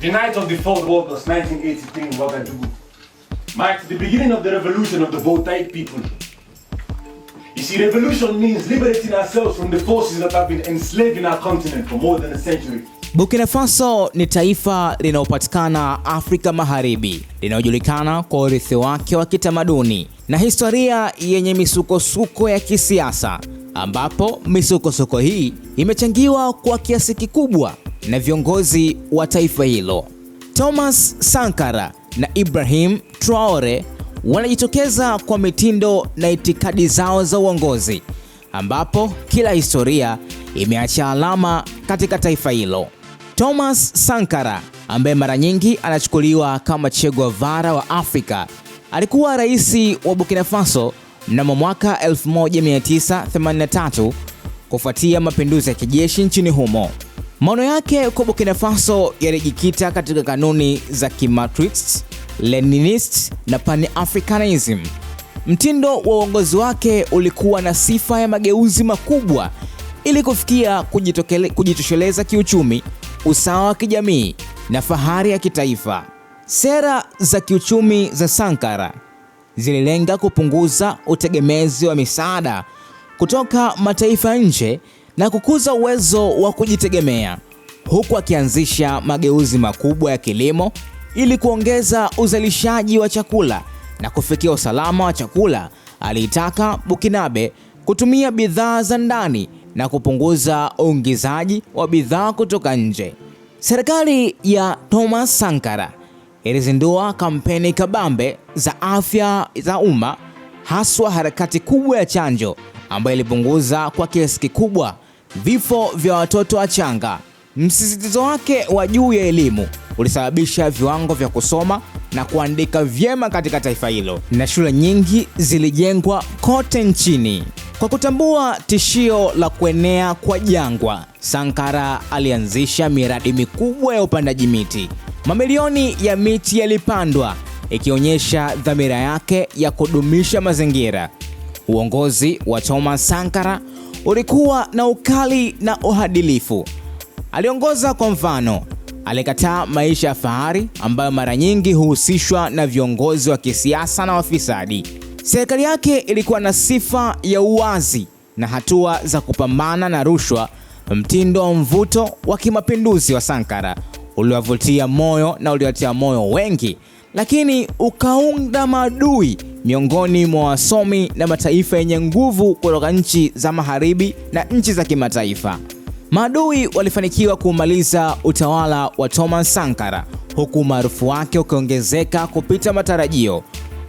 The night of the Third World was 1983 in Ouagadougou. Marked the beginning of the revolution of the Voltaic people. You see, revolution means liberating ourselves from the forces that have been enslaving our continent for more than a century. Burkina Faso ni taifa linalopatikana Afrika Magharibi, linalojulikana kwa urithi wake wa kitamaduni na historia yenye misukosuko ya kisiasa ambapo misukosuko hii imechangiwa kwa kiasi kikubwa na viongozi wa taifa hilo. Thomas Sankara na Ibrahim Traore wanajitokeza kwa mitindo na itikadi zao za uongozi, ambapo kila historia imeacha alama katika taifa hilo. Thomas Sankara ambaye mara nyingi anachukuliwa kama Che Guevara wa Afrika alikuwa rais wa Burkina Faso Mnamo mwaka 1983 kufuatia mapinduzi ya kijeshi nchini humo. Maono yake kwa Burkina Faso yalijikita katika kanuni za kimatrist, leninist na pan-africanism. Mtindo wa uongozi wake ulikuwa na sifa ya mageuzi makubwa ili kufikia kujitosheleza kiuchumi, usawa wa kijamii na fahari ya kitaifa. Sera za kiuchumi za Sankara zililenga kupunguza utegemezi wa misaada kutoka mataifa nje na kukuza uwezo wa kujitegemea, huku akianzisha mageuzi makubwa ya kilimo ili kuongeza uzalishaji wa chakula na kufikia usalama wa chakula. Aliitaka bukinabe kutumia bidhaa za ndani na kupunguza uingizaji wa bidhaa kutoka nje. Serikali ya Thomas Sankara ilizindua kampeni kabambe za afya za umma, haswa harakati kubwa ya chanjo ambayo ilipunguza kwa kiasi kikubwa vifo vya watoto wachanga. Msisitizo wake wa juu ya elimu ulisababisha viwango vya kusoma na kuandika vyema katika taifa hilo, na shule nyingi zilijengwa kote nchini. Kwa kutambua tishio la kuenea kwa jangwa, Sankara alianzisha miradi mikubwa ya upandaji miti Mamilioni ya miti yalipandwa ikionyesha dhamira yake ya kudumisha mazingira. Uongozi wa Thomas Sankara ulikuwa na ukali na uhadilifu. Aliongoza kwa mfano, alikataa maisha ya fahari ambayo mara nyingi huhusishwa na viongozi wa kisiasa na wafisadi. Serikali yake ilikuwa na sifa ya uwazi na hatua za kupambana na rushwa, mtindo wa mvuto wa kimapinduzi wa Sankara uliwavutia moyo na uliwatia moyo wengi, lakini ukaunda maadui miongoni mwa wasomi na mataifa yenye nguvu kutoka nchi za magharibi na nchi za kimataifa. Maadui walifanikiwa kumaliza utawala wa Thomas Sankara huku umaarufu wake ukiongezeka kupita matarajio.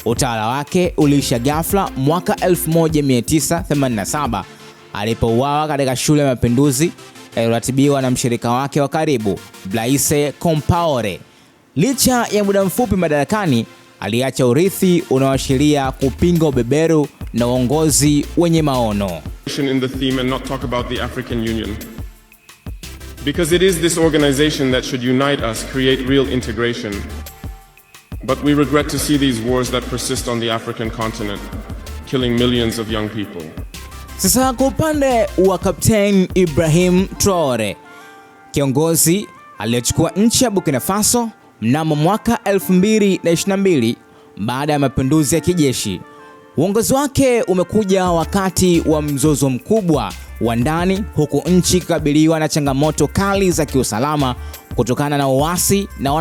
Utawala wake uliisha ghafla mwaka 1987 alipouawa katika shule ya mapinduzi yaliyoratibiwa eh, na mshirika wake wa karibu Blaise Compaore. Licha ya muda mfupi madarakani, aliacha urithi unaoashiria kupinga ubeberu na uongozi wenye maono. Because it is this organization that should unite us, create real integration. But we regret to see these wars that persist on the African continent, killing millions of young people. Sasa kwa upande wa Captain Ibrahim Traore, kiongozi aliyechukua nchi ya Burkina Faso mnamo mwaka 2022 baada ya mapinduzi ya kijeshi. Uongozi wake umekuja wakati wa mzozo mkubwa wa ndani, huku nchi ikikabiliwa na changamoto kali za kiusalama kutokana na uasi na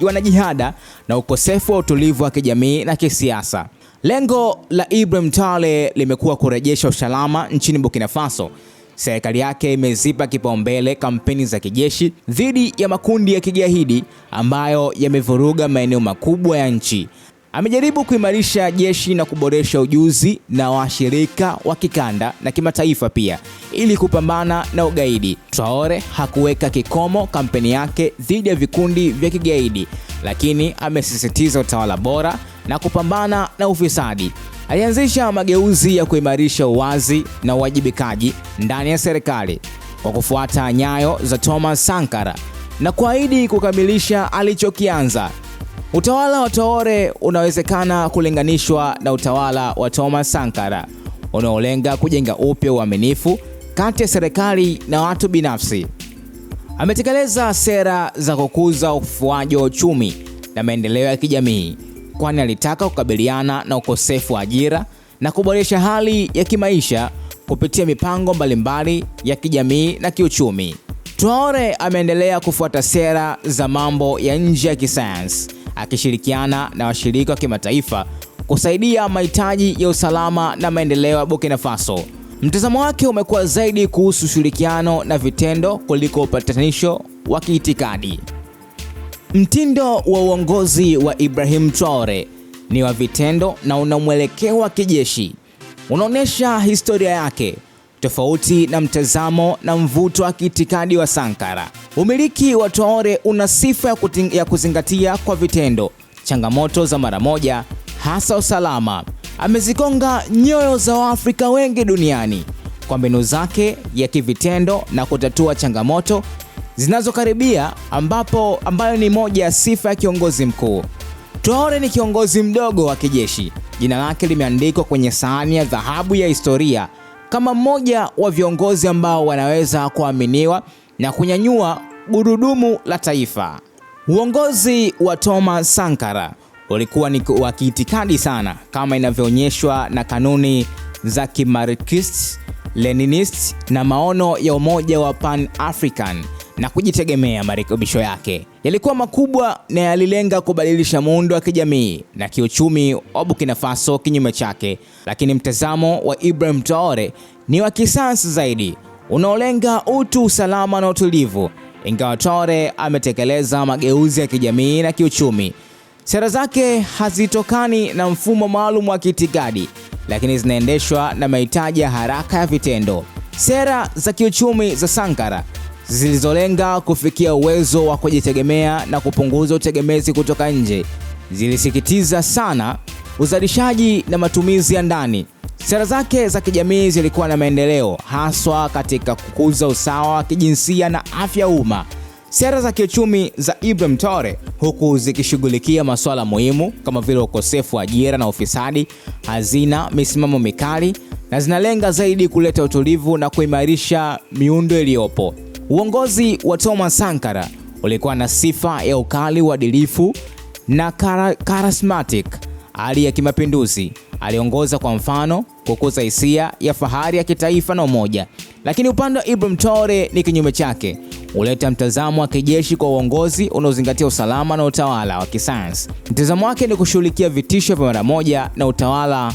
wanajihada na ukosefu wa utulivu wa kijamii na kisiasa. Lengo la Ibrahim Traore limekuwa kurejesha usalama nchini Burkina Faso. Serikali yake imezipa kipaumbele kampeni za kijeshi dhidi ya makundi ya kigaidi ambayo yamevuruga maeneo makubwa ya nchi. Amejaribu kuimarisha jeshi na kuboresha ujuzi na washirika wa kikanda na kimataifa pia ili kupambana na ugaidi. Traore hakuweka kikomo kampeni yake dhidi ya vikundi vya kigaidi, lakini amesisitiza utawala bora na kupambana na ufisadi. Alianzisha mageuzi ya kuimarisha uwazi na uwajibikaji ndani ya serikali kwa kufuata nyayo za Thomas Sankara na kuahidi kukamilisha alichokianza. Utawala wa Traore unawezekana kulinganishwa na utawala wa Thomas Sankara unaolenga kujenga upya uaminifu kati ya serikali na watu binafsi. Ametekeleza sera za kukuza ufufuaji wa uchumi na maendeleo ya kijamii, kwani alitaka kukabiliana na ukosefu wa ajira na kuboresha hali ya kimaisha kupitia mipango mbalimbali ya kijamii na kiuchumi. Traore ameendelea kufuata sera za mambo ya nje ya kisayansi akishirikiana na washirika wa kimataifa kusaidia mahitaji ya usalama na maendeleo ya Burkina Faso. Mtazamo wake umekuwa zaidi kuhusu ushirikiano na vitendo kuliko upatanisho wa kiitikadi. Mtindo wa uongozi wa Ibrahim Traore ni wa vitendo na una mwelekeo wa kijeshi. Unaonyesha historia yake, tofauti na mtazamo na mvuto wa kiitikadi wa Sankara. Umiliki wa Traore una sifa ya kuzingatia kwa vitendo changamoto za mara moja, hasa usalama. Amezikonga nyoyo za Waafrika wengi duniani kwa mbinu zake ya kivitendo na kutatua changamoto zinazokaribia ambapo ambayo ni moja ya sifa ya kiongozi mkuu. Traore ni kiongozi mdogo wa kijeshi. Jina lake limeandikwa kwenye sahani ya dhahabu ya historia kama mmoja wa viongozi ambao wanaweza kuaminiwa na kunyanyua gurudumu la taifa. Uongozi wa Thomas Sankara ulikuwa ni wa kiitikadi sana kama inavyoonyeshwa na kanuni za Kimarxist, Leninist na maono ya umoja wa Pan African na kujitegemea. Marekebisho yake yalikuwa makubwa na yalilenga kubadilisha muundo wa kijamii na kiuchumi wa Burkina Faso kinyume chake, lakini mtazamo wa Ibrahim Traore ni wa kisasa zaidi unaolenga utu, usalama na utulivu. Ingawa Traore ametekeleza mageuzi ya kijamii na kiuchumi, sera zake hazitokani na mfumo maalum wa kiitikadi, lakini zinaendeshwa na mahitaji ya haraka ya vitendo. Sera za kiuchumi za Sankara zilizolenga kufikia uwezo wa kujitegemea na kupunguza utegemezi kutoka nje. zilisikitiza sana uzalishaji na matumizi ya ndani. Sera zake za kijamii zilikuwa na maendeleo, haswa katika kukuza usawa wa kijinsia na afya umma. Sera za kiuchumi za Ibrahim Traore, huku zikishughulikia masuala muhimu kama vile ukosefu wa ajira na ufisadi, hazina misimamo mikali, na zinalenga zaidi kuleta utulivu na kuimarisha miundo iliyopo. Uongozi wa Thomas Sankara ulikuwa na sifa ya ukali, uadilifu na charismatic, hali ya kimapinduzi. Aliongoza kwa mfano, kukuza hisia ya fahari ya kitaifa na umoja. Lakini upande wa Ibrahim Traore ni kinyume chake, uleta mtazamo wa kijeshi kwa uongozi unaozingatia usalama na utawala wa kisayansi. Mtazamo wake ni kushughulikia vitisho vya mara moja na utawala